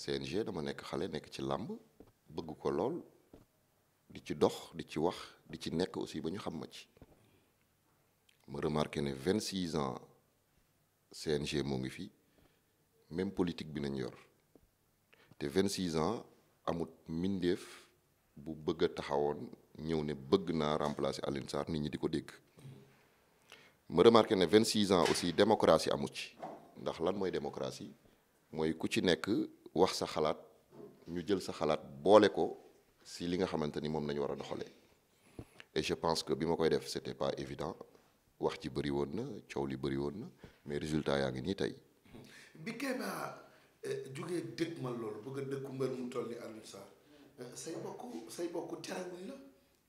CNG dama nekk xale nekk ci làmb bëgg ko lool di ci dox di ci wax di ci nekk aussi ba ñu xam ma ci ma remarqué ne 26 ans CNG moo ngi fi même politique bi nañ yor te 26 ans amut mbindeef bu bëgg a taxawoon ñëw ne bëgg naa remplacer Alioune nit ñi di ko dégg ma remarqué ne 26 ans aussi démocratie amu ci ndax lan mooy démocratie mooy ku ci nekk. wax sa xalaat ñu jël sa xalaat boole ko si li nga xamante ni moom nañu war a doxalee et je pense que bi ma koy def c'était pas évident wax ci bëri woon na coow li bëri woon na mais résultat yaa ngi nii tey. bi Kéba eh, jógee dëkk ma loolu bëgg a dëkku mbër mu toll ni Alioune Sarr eh, say bokk say bokk terewuñ la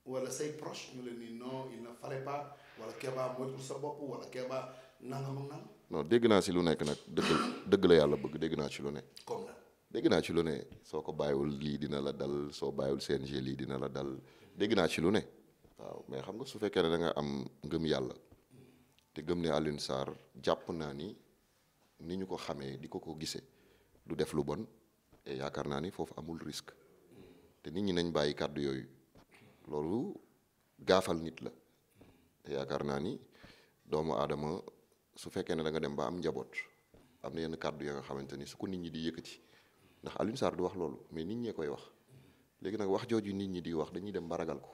wala say proche ñu leen ni non il ne fallait pas wala Kéba moytu sa bopp wala Kéba nangam ak nangam. dégg naa si lu nekk nag dëgg dëgg la yàlla bëgg dégg naa si lu nekk. comme dégg naa ci lu ne soo ko bàyyiwul lii dina la dal soo bàyyiwul CNG lii dina la dal dégg naa ci lu ne waaw mais xam nga su fekkee da nga am ngëm yàlla te gëm ne Alioune Sarr jàpp naa ni ni ñu ko xamee di ko ko gisee du def lu bon et yaakaar naa ni foofu amul risque te nit ñi nañ bàyyi kàddu yooyu loolu gaafal nit la te yaakaar naa ni doomu aadama su fekkee ne da nga dem ba am njaboot am na yenn kàddu ya nga xamante ni su ko nit ñi di yëkkati ndax alim sar du wax loolu mais nit ñi koy ya, wax léegi nak wax joju nit ñi di wax dañuy dem baragal ko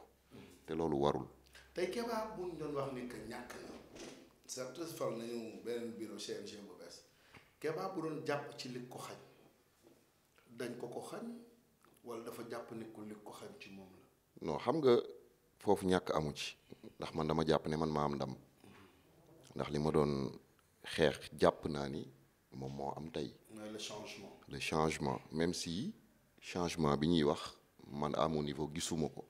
te loolu warul. tay keba bu ñu doon wax ni que ñak na certes fal nañu beneen bureau CNG bu bes keba bu doon japp ci li ko xaj dañ ko ko xañ wala dafa japp ni ko li ko xañ ci mom la. non xam nga fofu ñak amu ci ndax man dama japp ne man ma am ndam ndax li ma doon xex japp naa ni moom am tey. Euh, le changement. le changement même si changement bi wax man à mon niveau gisumako.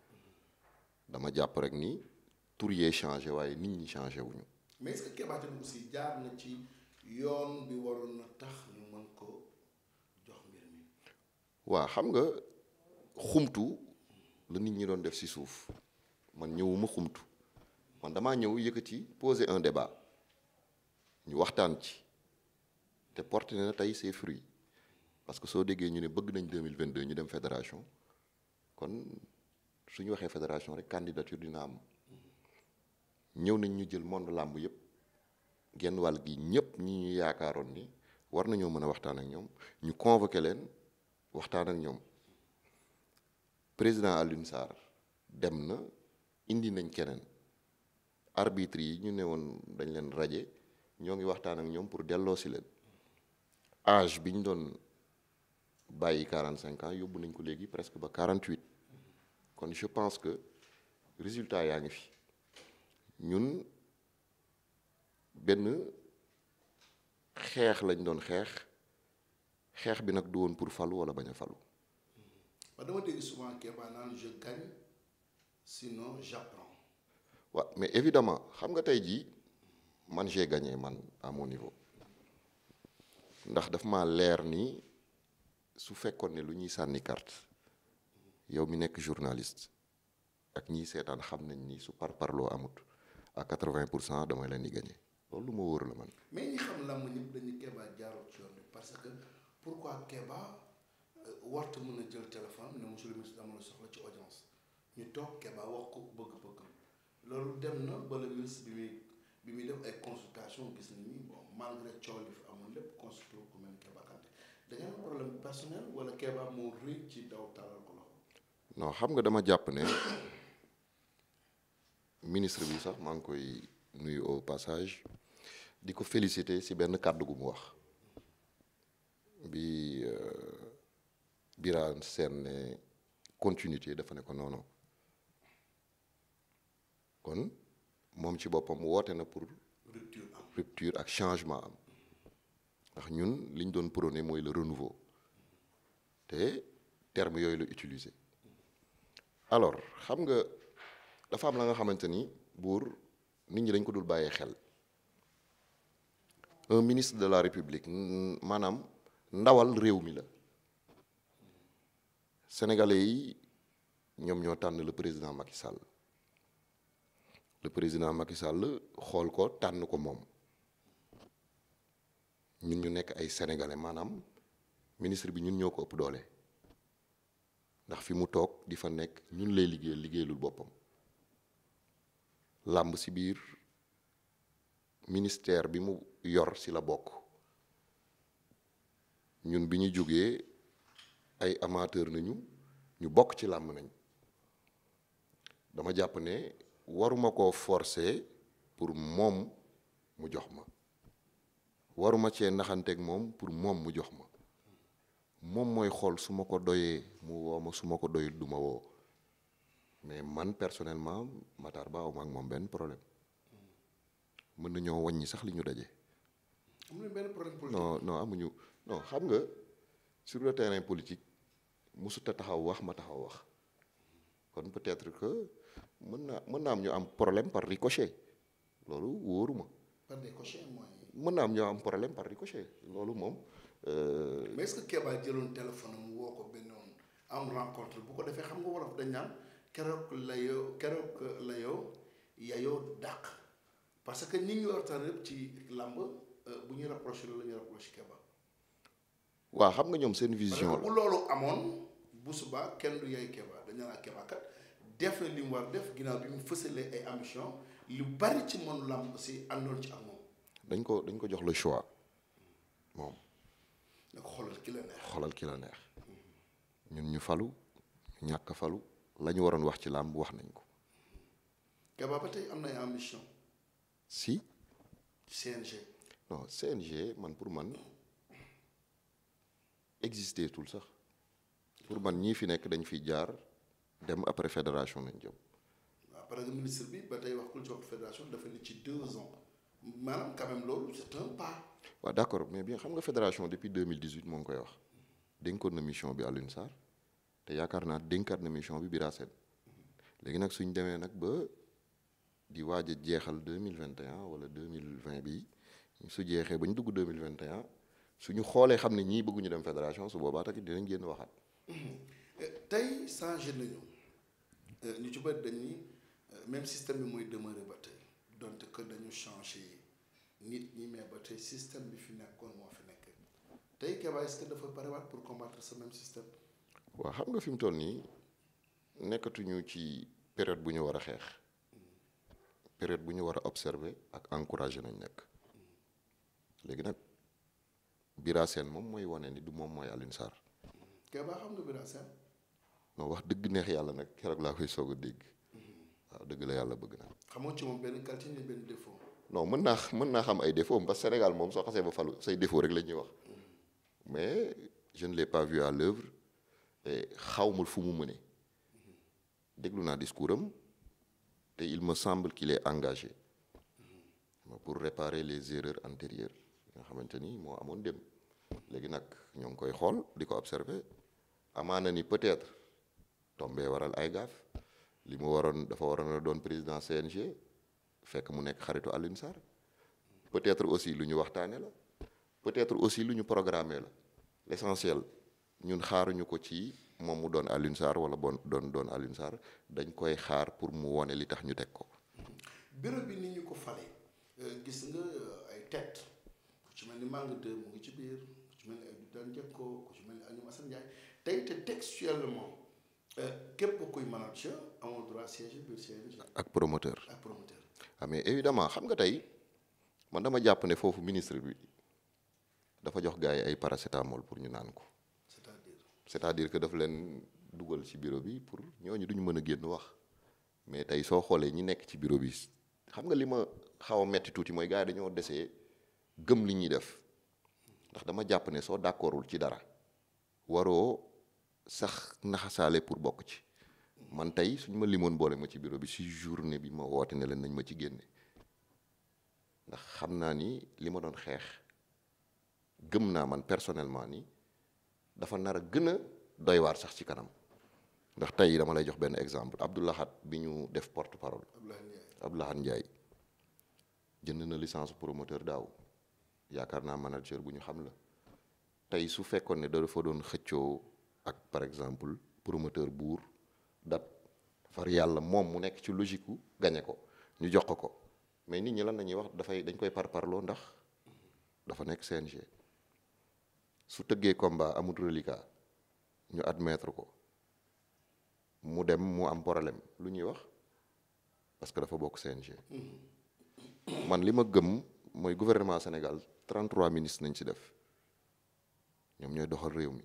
dama japp rek ni tour yé changé waye nit ñi changé mais est-ce que vous tamit jaar na ci yoon bi waroon tax ñu mën ko jox mbir mi. xam nga xumtu nit ñi doon def man ñëwuma xumtu man poser un débat ñu waxtaan ci. te porte na tey ses fruits parce que soo déggee ñu ne bëgg nañ 2022 ñu dem fédération kon suñu waxee fédération rek candidature dina am ñëw nañ ñu jël monde làmb yëpp genn wàll gi ñëpp ñi ñu yaakaaroon ni war nañoo mën a waxtaan ak ñoom ñu convoqué leen waxtaan ak ñoom président Alioune Sarr dem na indi nañ keneen arbitre yi ñu ne woon dañ leen raje ñoo ngi waxtaan ak ñoom pour delloo si leen âge biñ a doon 45 ans yóbbu nañ ko presque ba 48 kon je pense que résultat yaa ngi fi ñun benn xeex lañ doon xeex xeex bi nag du woon pour falu wala bañ a falu. ba dama dégg souvent que naan je gagne sinon j'apprends. mais évidemment xam nga tey jii man j'ai gagné man à mon niveau. ndax dafa ma leer nii su fekkoon ne lu ñuy sànni carte yow mi nekk journaliste ak ñii seetaan xam nañ ni su par parloo amut a quatre-vingt pour cent damay leen di gagné loolu lu ma wóor la man. mais ñi xam làmb ñëpp dañu Keba jaarul ci yoon bi parce que pour pourquoi Keba euh, wartu mën a jël téléphone ne monsieur le ministre dama la soxla ci audience ñu toog Keba wax ko bëgg-bëgg loolu dem na ba bi muy. bi muy def ay consultation gis na ni bon malgré coow li fi amoon lépp consulté ku mel ni Keba Kanté da ngeen problème personnel wala Keba moo rëy ci daw talal ko loxo. non xam nga dama jàpp ne ministre bi sax maa ngi koy nuyu au passage di ko féliciter ci benn kàddu gu mu wax bi euh, Birane Sène ne continuité dafa ne ko non non kon mom ci bopam woote na pour rupture rupture ak changement am ndax ñun liñ doon prôné moy le renouveau té terme yoy la utiliser alors xam nga dafa am la nga xamanteni bour nit ñi dañ ko dul bayé xel un ministre de la république manam ndawal réew mi la sénégalais yi ñoom ñoo tànn le président Macky Sall le président Macky Sall xool ko tànn ko moom ñun ñu nekk ay sénégalais maanaam ministre bi ñun ñoo ko ëpp doole ndax fi mu toog di fa nekk ñun lay liggéey liggéeyalul boppam làmb si biir ministère bi mu yor si la bokk ñun bi ñu jógee ay amateur nañu ñu bokk ci làmb nañ dama jàpp ne waruma ko forcer pour mom mu jox ma waruma naxante ak mom pour mom mu jox ma moy mooy xool su ko doyé mu ma ma ko doyul duma wo mais man personnellement Matar Ba awma ak mom ben problème mën nañoo wàññi sax li ñu daje. amuñu problème politique non non amuñu non xam nga sur le terrain politique musu ta taxaw wax ma taxaw wax kon peut-être que mënaam ñu kan ya. eh, am problème par ricochet loolu wóoruma par ricochet mooy mënaam ñu am problème par ricochet mom euh mais est ce que keba jëlone téléphone mu woko ko benn am rencontre bu ko défé xam nga wolof dañ nan kérok la yow keroog la yow yayoo dàq parce que ñi ñu wartal yëpp ci lamb eh, bu ñu rapproché loolu ñu ñuy rapproché Kéba waaw xam nga ñom seen vision la bu loolu amoon bu suba kenn du yay keba dañ nan keba kat def na li mu war def ginnaaw bi mu fësalee ay ambition lu bari ci mën làmb aussi àndoon ci ak moom. dañ ko dañ ko jox le choix moom. na ko xoolal ki la neex xolal ki la neex ñun ñu falu ñu ñàkk falu la ñu waroon wax ci làmb wax nañ ko. Keba ba tey am na ay ambition. si. CNG. non CNG man pour man existé tul sax pour man ñii fi nekk dañ fi jaar dem après fédération nañ jëm. après parce ministre bi ba tey wax ku ci fédération dafa ne ci deux ans manam quand même loolu c'est un pas. wa d'accord mais bien xam nga fédération depuis 2018 mo ngi wax dénkoon na mission bi Alioune Sar te yaakaar naa dénkaat na mission bi Bira Sène léegi nag suñ demee nag ba di waja jéxal 2021 wala 2020 bi su jeexee ba ñu dugg 2021 suñu xolé xam ñi bëggu ñu dem fédération su boobaa tamit dinañ génn waxaat. tey changé nañu. Euh, ñu ci bëri dañ ni euh, même système bi mooy demeurer ba tey donte que dañu changé nit ñi mais ba système bi fi nekkoon moo fi nekk tey Keba est-ce que dafa parewaat pour combattre ce même système. Wa xam nga fi mu toll nii nekkatuñu ci période bu ñu war période bu ñu observer ak encourager nañ nekk léegi nag Bira Sène moom mooy wane ni du moom mooy Alioune Sarr. Keba xam nga Bira Sène non wax dëgg neex yalla nak kérok la koy soog a waaw deug la yalla bëgg na xamoo ci mom benn qualité ni benn défaut. non mën naa mën naa xam ay défaut parce Sénégal moom soo xasee ba falu say défaut rek la ñuy wax mais je ne l'ai pas vu à l'œuvre et xawma fu mu mëne déglu naa discours am te il me semble qu'il est engagé pour réparer les erreurs antérieures nga xamante ni moo amoon dem léegi nag ñoo ngi koy xool di ko observer amaana ni peut-être. tombé waral ay gaf limu waron dafa waron a doon président CNG fekk mu nek xaritu Alioune Sar peut-être aussi luñu ñu la peut-être aussi luñu programmé la l'essentiel ñun xaaruñu ko ci moom mu doon Alioune wala bon doon doon Alioune Sar dañ koy xaar pour mu woné li tax ñu tek ko. bureau bi ni ñu ko falé euh, gis nga euh, ay tête ku ci melni mang de mu ngi ci bir ku ci melni ay Abdou Dane ku ci melni ni Alioune jaay tay te textuellement. Euh, képp kuy manager amoo droit siège ak promoteur ak promoteur. ah évidemment xam nga tey man dama jàpp ne foofu ministre bi dafa jox gars yi ay paracétamol pour ñu naan ko. c'est-à-dire que dafa leen dugal ci bureau bi pour ñooñu duñu mën a génn wax mais tey soo xoolee ñi nekk ci bureau bi xam nga li ma xaw a metti tuuti mooy gars yi dañoo desee gëm li ñuy def ndax dama jàpp ne soo d'accordul ci dara waroo. sax naxasaale pour bokk ci man tey suñ ma limoon boole ma ci bureau bi si journée bi ma woote ne leen nañ ma ci génne ndax xam naa ni li ma doon xeex gëm naa man personnellement ni dafa nar a gën a doy waar sax ci kanam ndax tey dama lay jox benn exemple Abdoulahat bi ñu def porte parole Abdoulahat njaay jënd na licence promoteur daaw yaakaar naa manager bu ñu xam la tey su fekkoon ne dafa doon xëccoo ak par exemple promoteur bour dat far yalla mom mu nek ci logique gagné ko ñu jox ko mais nit ñi lan lañuy wax fay dañ koy parlo ndax dafa nek CNG su tëggee combat amul reliquat ñu admettre ko mu dem mu am problème lu ñuy wax parce que dafa bok CNG man lima ma gëm moy gouvernement Sénégal 33 ministres nañ ci def ñom ñoy doxal réew mi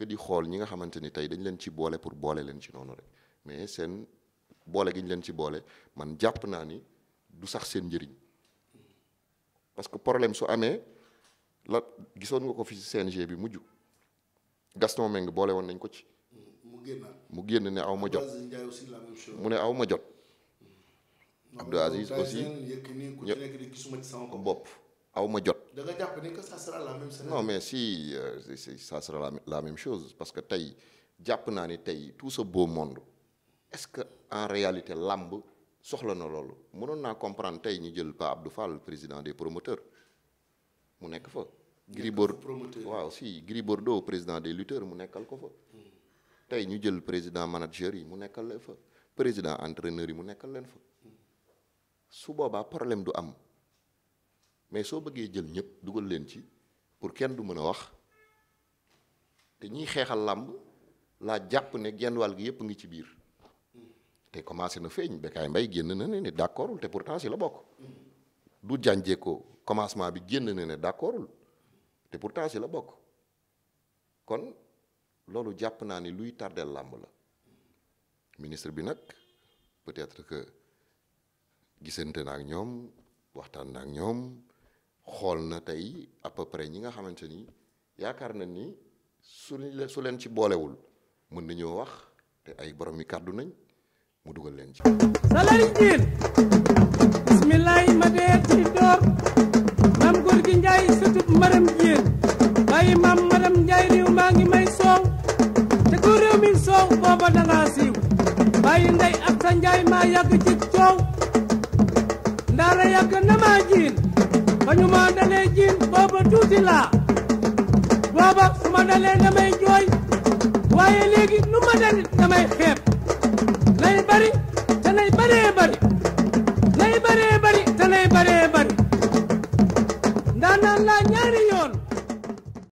que di xool ñi nga xamante ni tey dañ leen ci boole pour boole leen ci noonu rek mais seen boole gi ñu leen ci boole man jàpp naa ni du sax seen njëriñ parce que problème su amee la gisoon nga ko fi CNG bi mujj Gaston Meng boole woon nañ ko ci. mu génn mu génn ne aw ma jot mu ne aw ma jot. Abdou Aziz aussi ñëpp bopp. aw ma jot. da nga ni que ça sera la même chose. non mais si euh, ça sera la même chose parce que tey jàpp naa tout ce beau monde est-ce que en réalité làmb soxla na loolu Je naa comprendre tey ñu jël Pa Abdou Fall président des promoteurs mu nekk fa. Gris Bordeaux waaw si Gris président des lutteurs mu nekkal ko fa. Hmm. tey ñu jël président manager yi mu nekkal Le fa président entraîneur yi mu nekkal leen fa su boobaa problème du am. mais soo bëggee jël ñëpp dugal leen ci pour kenn du mën a wax te ñiy xeexal làmb laa jàpp ne genn wàll gi yëpp ngi ci biir te commencé na feeñ Bécaye mbay génn na ne ne d'accordul te pourtant si la bokk du jànjee ko commencement bi génn na ne d'accordul te pourtant la bokk kon loolu jàpp naa ni luy tardeel làmb la ministre bi nag peut-être que gisante na ak ñoom waxtaan na ak ñoom xool na tey à peu près ñi nga xamante ni yaakaar na ni su la su leen ci boolewul mën nañoo wax te ay borom yi kàddu nañ mu dugal leen ci salari jiin bismillahi ma dee ci door maam gor gi njaay sëtub maram jiin bàyyi mam maram njaay réew maa ngi may soow te ko réew mi soow booba dangaa siiw bàyyi ndey ak sa njaay maa yàgg ci coow ndaara yàgg na maa jiin ba ñu ma dalee jiin booba tuuti laa booba su ma dalee damay jooy waaye léegi nu ma dalit damay xeeb nay bari te nay baree bari nay baree bari te nay baree bari ndaanaan laa ñaari